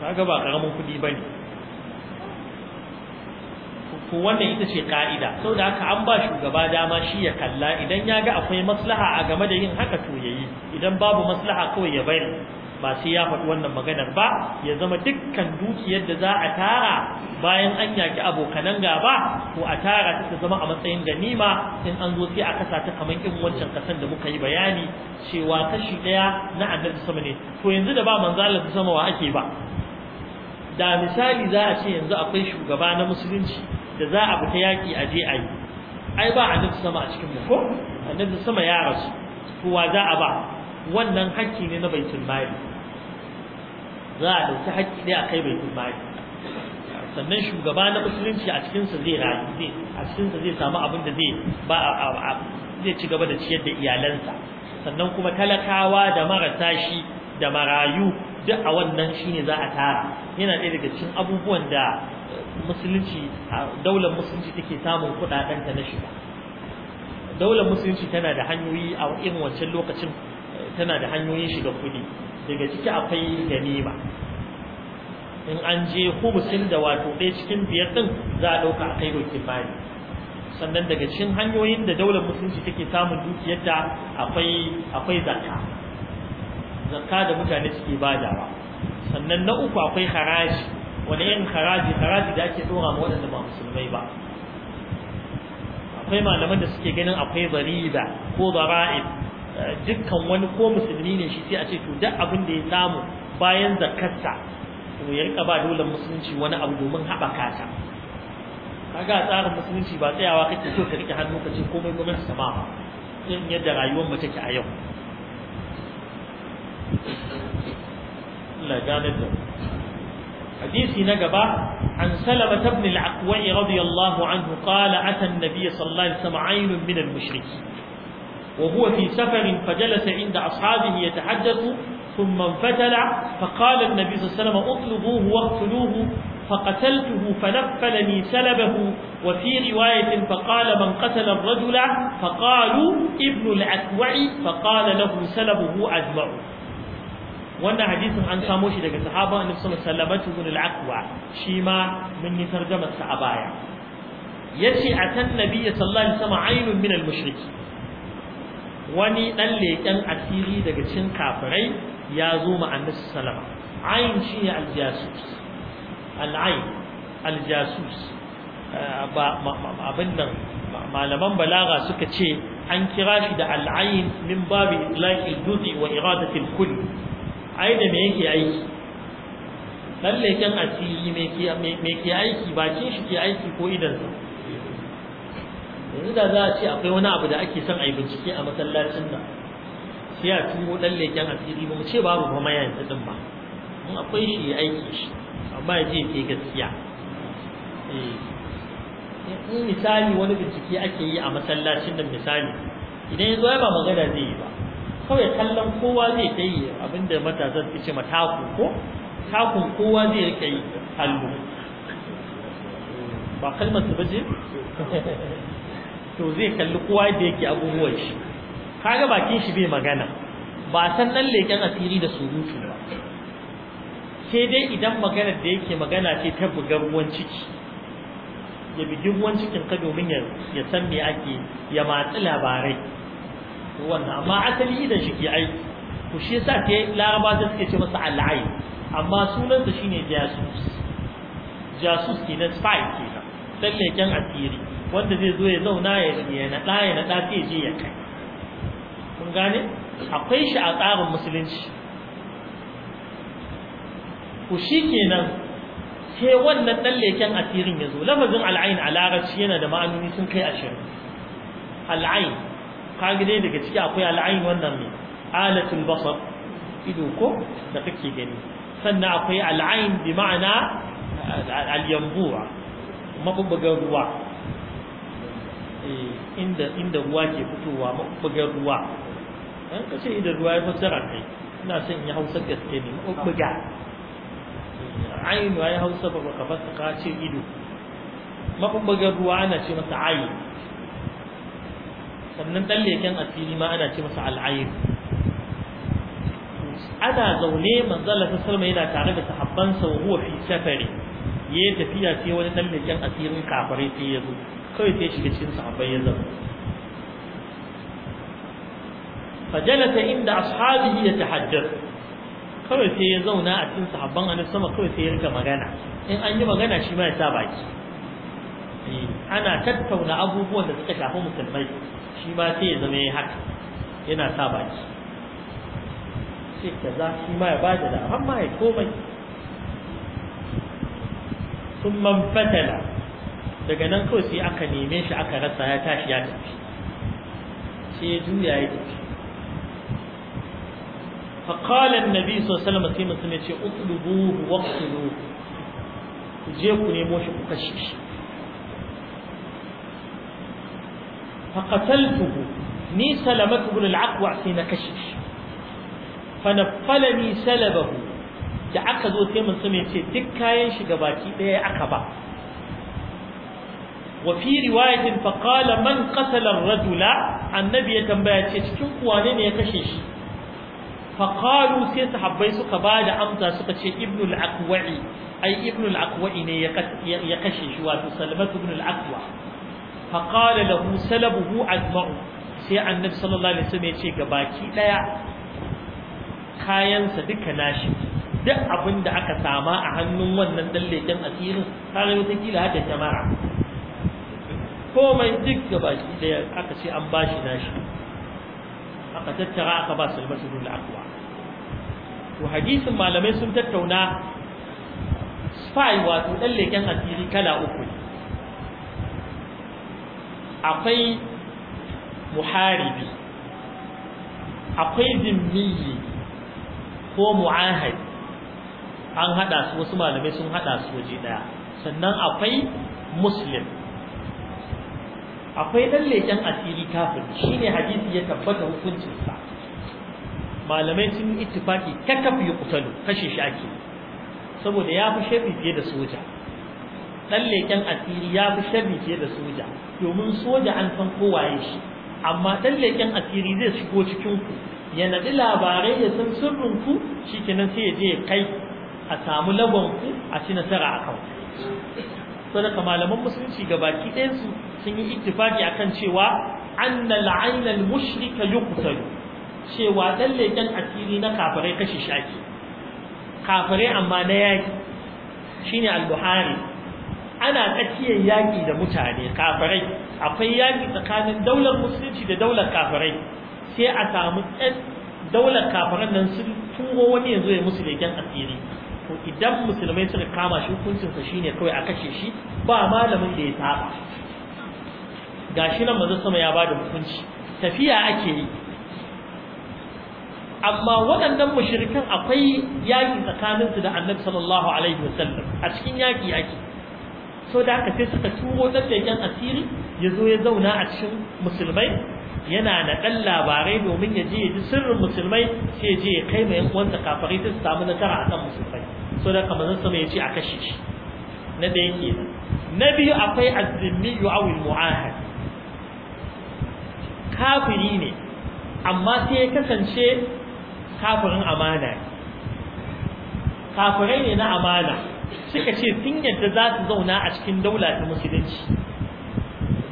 ta gaba karamin kuɗi ba ne ko wannan ita ce ƙa'ida, sau da haka an ba shugaba dama shi ya kalla idan ya ga akwai maslaha a game da yin haka to ya yi idan babu maslaha kawai ya bayar. ba sai ya faɗi wannan maganar ba ya zama dukkan dukiyar da za a tara bayan an yaki abokanan gaba ko a tara ta ta zama a matsayin ganima in an zo sai a kasa ta kamar irin wancan kasan da muka yi bayani cewa kashi ɗaya na annabi sama ne to yanzu da ba manzalar sama wa ake ba da misali za a ce yanzu akwai shugaba na musulunci da za a fita yaki a je a yi ai ba annabi sama a cikin mu ko annabi sama ya rasu to wa za a ba wannan hakki ne na baitul mali za a dauki hakki ɗaya akai kai baitul mali sannan shugaba na musulunci a cikinsa zai rayu zai a sa zai samu abin da zai ba zai ci gaba da ciyar da iyalansa sannan kuma talakawa da marasa shi da marayu duk a wannan shine za a tara yana ɗaya daga cikin abubuwan da musulunci daular musulunci take samun ta na shiga daular musulunci tana da hanyoyi a irin wancan lokacin tana da hanyoyin shiga kuɗi daga ciki akwai ganima in an je hubusin da wato ɗaya cikin biyar ɗin za a ɗauka a kai dokin bayi sannan daga cikin hanyoyin da daular musulunci take samun dukiyar da akwai akwai zakka da mutane suke badawa sannan na uku akwai haraji wani yin haraji haraji da ake ɗora ma waɗanda ba musulmai ba akwai malaman da suke ganin akwai zariba ko bara'in. dukkan wani ko musulmi ne shi sai a ce to duk abin da ya samu bayan zakarsa to ya rika ba dole musulunci wani abu domin haɓaka ta kaga tsarin musulunci ba tsayawa kake so ka rike hannu ka ce komai gwamnati ta ba irin yadda rayuwar mu take a yau Allah ganar da hadisi na gaba an salama ibn al-aqwa radiyallahu anhu qala ata an-nabiy sallallahu alaihi wasallam aynun min al وهو في سفر فجلس عند أصحابه يتحدث ثم انفتل فقال النبي صلى الله عليه وسلم اطلبوه واقتلوه فقتلته فنفلني سلبه وفي رواية فقال من قتل الرجل فقالوا ابن ا فقال له سلبه أجمع ج وانا حديث عن ساموشي لك الصحابه ان يصل سلمته من العكوى شيما من ترجمه سعبايا يشيع النبي صلى الله عليه وسلم عين من المشركين wani dan leƙen asiri daga cin kafirai ya zo ma annabi sallama ayin shine aljasus al'ain aljasus eh, abin nan malaman balaga suka ce an kira shi da al'ain min babu ilahi juzi wa iradatil kull ai da me yake aiki dan leƙen asiri me ke aiki bakin shi ke aiki ko idansa yanzu da za a ce akwai wani abu da ake son a yi bincike a masallacin nan sai a tuno ɗan leƙen asiri ba mu ce babu kuma mayan ɗin ba in akwai shi aiki shi amma ya je ke gaskiya eh, in misali wani bincike ake yi a masallacin nan misali idan ya zo ya ba magana zai yi ba kawai kallon kowa zai ta yi abinda matasa suke ce mataku ko takun kowa zai rika yi kallo ba kalmar su bace to zai kalli kowa da yake abubuwan shi kaga bakin shi bai magana ba san dan leken asiri da surutu ba sai dai idan maganar da yake magana ce ta bugar ruwan ciki ya bigi ruwan cikin ka domin ya san me ake ya matsi labarai wannan amma asali idan shi ke aiki ku shi yasa ke laraba da suke ce masa al'ai amma sunansa shine jasus jasus kenan spy kenan dan leken asiri wanda zai zo ya zauna ya naɗa ya naɗa sai je ya kai mun gane akwai shi a tsarin musulunci ku shi kenan sai wannan ɗan leken asirin ya zo lafazin al'ain a larabci yana da ma'anoni sun kai ashirin al'ain ka gane daga ciki akwai al'ain wannan mai alatul basar ido ko da kake gani sannan akwai al'ain bi ma'ana al'yambuwa mabubbagan ruwa Eh, inda inda ruwa ke fitowa mabugar ruwa an eh, kace inda ruwa ya fassara kai ina son in yi hausa gaske ne mabuga ayin ya hausa ba ka fasa ka ce ido mabugar ruwa ana ce masa ayi sannan ɗan leken asiri ma ana ce masa al'ayin ana zaune manzala ta salma yana tare da sahabbansa wa huwa fi safari yayi tafiya sai wani ɗan leken asirin kafare sai ya zo kawai sai shiga cikin sahabbai ya zama fajalata inda ashabihi tahajjar kawai sai ya zauna a cikin sahabban annabi sama kawai sai ya rika magana in an yi magana shi ma ya sa baki eh, ana tattauna abubuwan da suka shafi musulmai shi ma sai ya zama ya haka yana sa baki sai za shi ma ya bada da amma ya komai sun man fatala daga nan kawai sai aka neme shi aka rasa ya tashi ya tafi sai ya juya ya tafi فقال النبي صلى الله عليه وسلم sai mutum ya ce ku je ku nemo shi ku فقتلته ني سلمت بن العقوع سينا كشش فنفلني سلبه da aka zo sai mun sami ce duk kayan shi baki daya aka ba وفي man ƙasalar من قتل الرجل النبي تنبأ cikin kuwane ne ya kashe shi فقالوا sai sahabbai suka ba da amsa suka ce Ibnul-Akwai. ai Ibnul-Akwai ne ya kashe shi wato salmat Ibnul-Akwa. aqwa da lahu salabuhu ajma'u sai annabi sallallahu alaihi wasallam ya ce ga baki ɗaya. kayansa duka nashi duk abin da aka sama a hannun wannan dan leken asirin kaga wata kila hada jama'a. komai duk ga baki daya aka ce an bashi nashi aka tattara aka ba salmatu dul aqwa to hadisin malamai sun tattauna spy wato dan leken asiri kala uku akwai muharibi akwai zimmiyi ko mu'ahad an hada su wasu malamai sun hada su waje daya sannan akwai muslim akwai lalle leken asiri kafin shine hadisi ya tabbata hukuncinsa malamai sun yi ittifaki kakaf ya kutalu kashe shi ake saboda ya fi shafi fiye da soja ɗan leƙen asiri ya fi shafi fiye da soja domin soja an san kowaye shi amma ɗan leken asiri zai shigo cikin ku ya naɗi labarai ya san sirrin ku shikenan sai ya je kai a samu lagon ku a ci nasara a kan saboda malaman musulunci gabaki ɗayan su sun yi ittifaki akan cewa anna al-ayn al yuqtal cewa dan leken asiri na kafirai kashi shaki kafirai amma na yaki shine al-buhari ana tsakiyar yaki da mutane kafirai akwai yaki tsakanin daular musulunci da daular kafirai sai a samu ɗan daular kafiran nan sun turo wani yanzu ya musu leken asiri idan musulmai suka kama shi hukuncinsa shine kawai a kashe shi ba malamin da ya saba shi nan manzo sama ya bada hukunci tafiya ake yi amma waɗannan mushrikan akwai yaki tsakaninsu da annabi sallallahu alaihi wasallam a cikin yaƙi ake so da aka sai suka tuwo da yan asiri ya zo ya zauna a cikin musulmai yana na ɗan labarai domin ya je ya ji sirrin musulmai sai ya je ya kai mai uwansa kafarai sai su samu nasara a kan musulmai so da kamar sama ya ce a kashe shi na ɗaya ke na biyu akwai azumi yu'awil mu'ahad kafiri ne amma sai ya kasance kafirin amana kafirai ne na amana suka ce tun yadda za su zauna a cikin daula ta musulunci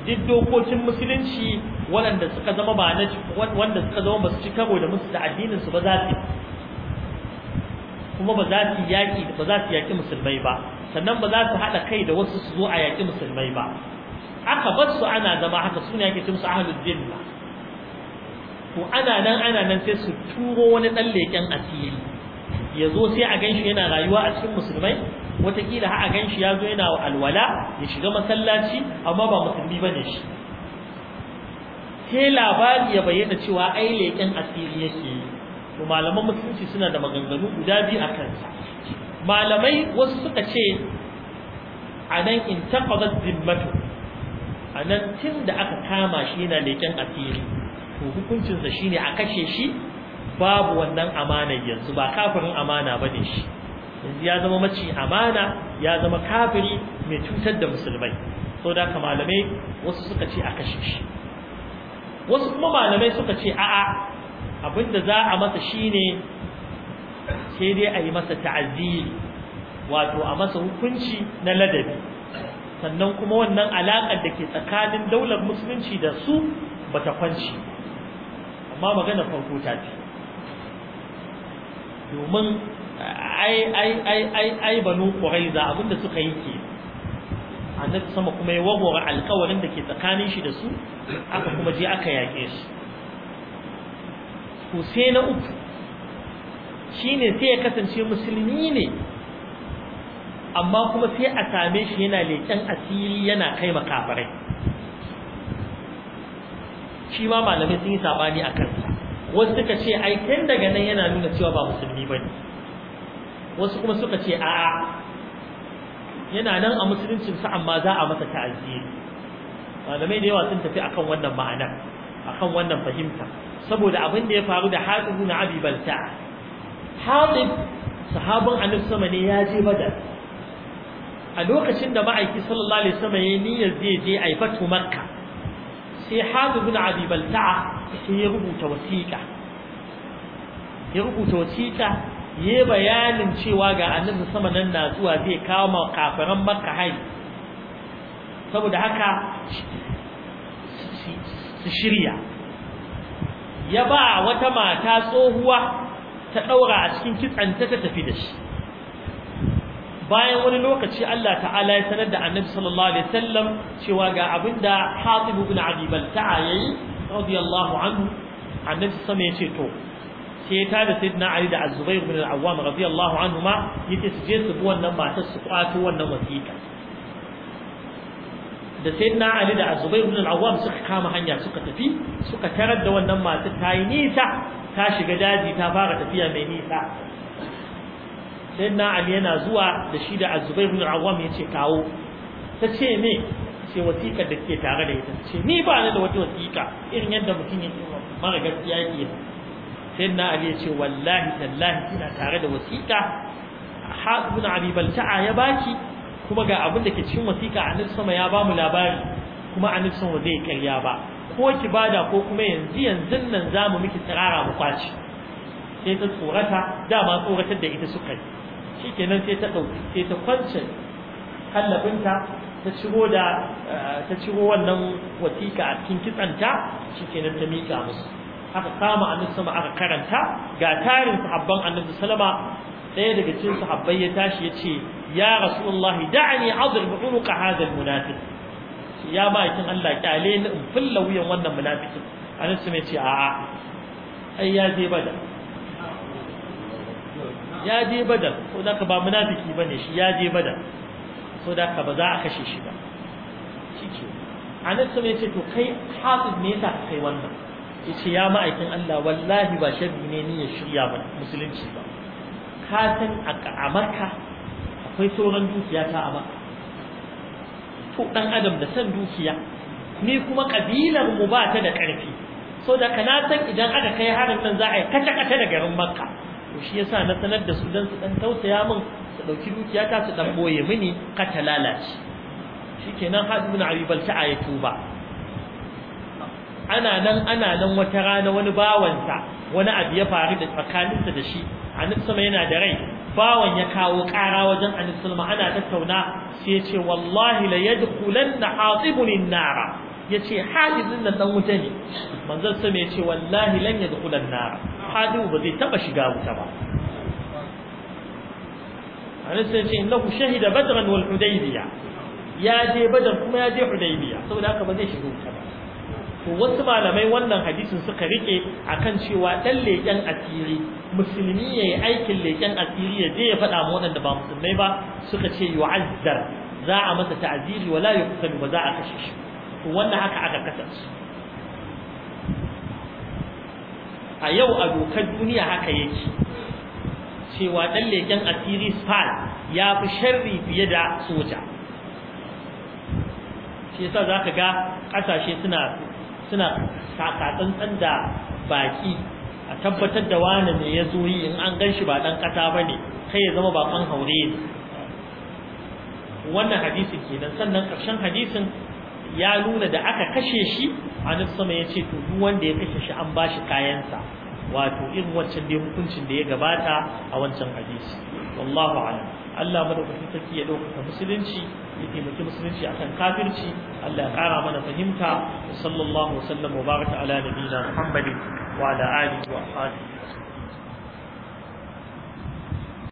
duk dokokin musulunci waɗanda suka zama ba na wanda suka zama ba su ci karo da musu da addinin su ba za su kuma ba za su yaƙi ba za su yaƙi musulmai ba sannan ba za su haɗa kai da wasu su zo a yaƙi musulmai ba aka ba su ana zama haka su ne ake cin su ahlul jinna to ana nan ana nan sai su turo wani ɗan leƙen asiri ya zo sai a ganshi yana rayuwa a cikin musulmai watakila ha a ganshi ya zo yana alwala ya shiga masallaci amma ba musulmi bane shi sai labari ya bayyana cewa ai leƙen asiri yake yi to malaman musulunci suna da maganganu guda biyu a kansa malamai wasu suka ce a nan in taɓa zimmatu a nan tun da aka kama shi yana leƙen asiri to hukuncinsa shi ne a kashe shi babu wannan amana yanzu ba kafirin amana ba ne shi yanzu ya zama maci amana ya zama kafiri mai cutar da musulmai so da ka malamai wasu suka ce a kashe shi wasu kuma malamai suka ce a'a abinda za a masa shine sai dai a yi masa ta'aziri wato a masa hukunci na ladabi sannan kuma wannan alaƙar da ke tsakanin daular musulunci da su bata kwanci amma magana farko ta ce domin ai ai ai ai ai banu quraiza abinda suka yi ke annabi sama kuma ya wagwara alƙawarin da ke tsakanin shi da su aka kuma je aka yaƙe su to sai na uku shine sai ya kasance musulmi ne amma kuma sai a same shi yana leƙen asiri yana kai makafarai shi ma malamai sun yi sabani a kansa wasu suka ce ai tun daga nan yana nuna cewa ba musulmi bane wasu kuma suka ce a'a yana nan a musuluncin su amma za a masa ta'aziri malamai da yawa sun tafi akan wannan ma'ana akan wannan fahimta saboda abin da ya faru da Hatib ibn Abi Balta Hatib sahabin Annabi sama ne ya je Badar a lokacin da ma'aiki sallallahu alaihi wasallam ya niyyar zai je ai fatu Makka sai Hatib ibn Abi Balta sai ya rubuta wasiƙa ya rubuta wasiƙa ya bayanin cewa ga Annabi sama nan na zuwa zai kawo kafiran Makka hari saboda haka su shirya ya ba wata mata tsohuwa ta ɗaura a cikin kitsanta ta tafi da shi bayan wani lokaci Allah ta'ala ya sanar da annabi sallallahu alaihi wasallam cewa ga abinda Hatib ibn Abi Balta'a yayi radiyallahu anhu annabi sama yace to sai ya tada sayyidina Ali da Az-Zubair ibn Al-Awwam radiyallahu anhuma yace su je su bi wannan matar su kwato wannan wasiƙa da sayyidina Ali da Zubair ibn al-Awwam suka kama hanya suka tafi suka tarar da wannan masu tayi nisa ta shiga daji ta fara tafiya mai nisa sayyidina Ali yana zuwa da shi da Zubair ibn al-Awwam yace kawo ta ce me ce wasiƙar da ke tare da ita ce ni ba ni da wata wasiƙa irin yadda mutum yake mara gaskiya yake sayyidina Ali yace wallahi tallahi ina tare da wasiƙa Hadu ibn Abi Balta'a ya baki kuma ga abin da ke cikin wasiƙa annabi sama ya mu labari kuma a annabi sama zai karya ba ko ki bada ko kuma yanzu yanzu nan zamu miki tsirara mu kwaci sai ta tsorata dama tsoratar da ita suka yi shikenan sai ta dauki sai ta kwance kallabinta ta ciro da eh, ta ciro wannan wasiƙa a cikin kitsanta shikenan ta mika musu aka kama annabi sama aka karanta ga tarin sahabban annabi sallama ɗaya daga cikin sahabbai ya tashi ya ce ya rasulullah da'ani adrib unuqa hadha almunafiq ya ba kin Allah kyale ni in wannan munafiki anan su mai ce a'a ai ya je badar ya je badar ko da ka ba munafiki bane shi ya je badar ko da ka ba za a kashe shi ba shike anan su mai ce to kai hafiz me yasa kai wannan yace ya ma'aikin Allah wallahi ba sharri ne ni ya shirya ba musulunci ba ka san a Makka akwai sauran dukiya ta ba to dan adam da san dukiya ni kuma kabilar mu ba ta da karfi so da kana san idan aka kai harin nan za a yi kace kace da garin makka to shi yasa na sanar da su dan su dan tausaya min su dauki dukiya ta su dan boye mini ka ta lalace shikenan hadu na Abi Balta'a ya tuba ana nan ana nan wata rana wani bawansa wani abu ya faru da tsakaninsa da shi a nan sama yana da rai bawan ya kawo ƙara wajen annabi ana tattauna sai ya ce wallahi la yadkhulanna na an-nara Ya yace hadizin nan dan wuta ne manzon sa ya ce wallahi lan yadkhulan nara hadibu ba zai taba shiga wuta ba annabi sai ya ce innahu shahida badran wal hudaybiya ya je badar kuma ya je hudaybiya saboda haka ba zai shiga wuta ba to wasu malamai wannan hadisin suka rike akan cewa dan leƙen asiri musulmi ya yi aikin leƙen asiri ya je ya faɗa ma waɗanda ba musulmai ba suka ce yu'azzar za a masa ta'aziri wala yuqtalu ba za a kashe shi wannan haka aka kasance a yau a dokar duniya haka yake cewa ɗan leƙen asiri spal ya fi sharri fiye da soja shi yasa za ka ga ƙasashe suna suna tsantsan da baƙi a tabbatar da wani ne ya zo yi in an gan shi ba ɗan ƙasa ba ne kai ya zama baƙon haure ne wannan hadisi kenan sannan karshen hadisin ya nuna da aka kashe shi a sama ya ce to duk wanda ya kashe shi an ba shi kayansa wato irin wancan dai hukuncin da ya gabata a wancan hadisi wallahu a'lam Allah madaukakin sarki ya dauka musulunci ya taimaki musulunci akan kafirci Allah ya kara mana fahimta sallallahu alaihi wa sallam wa baraka ala nabiyina Muhammadin wa ala alihi wa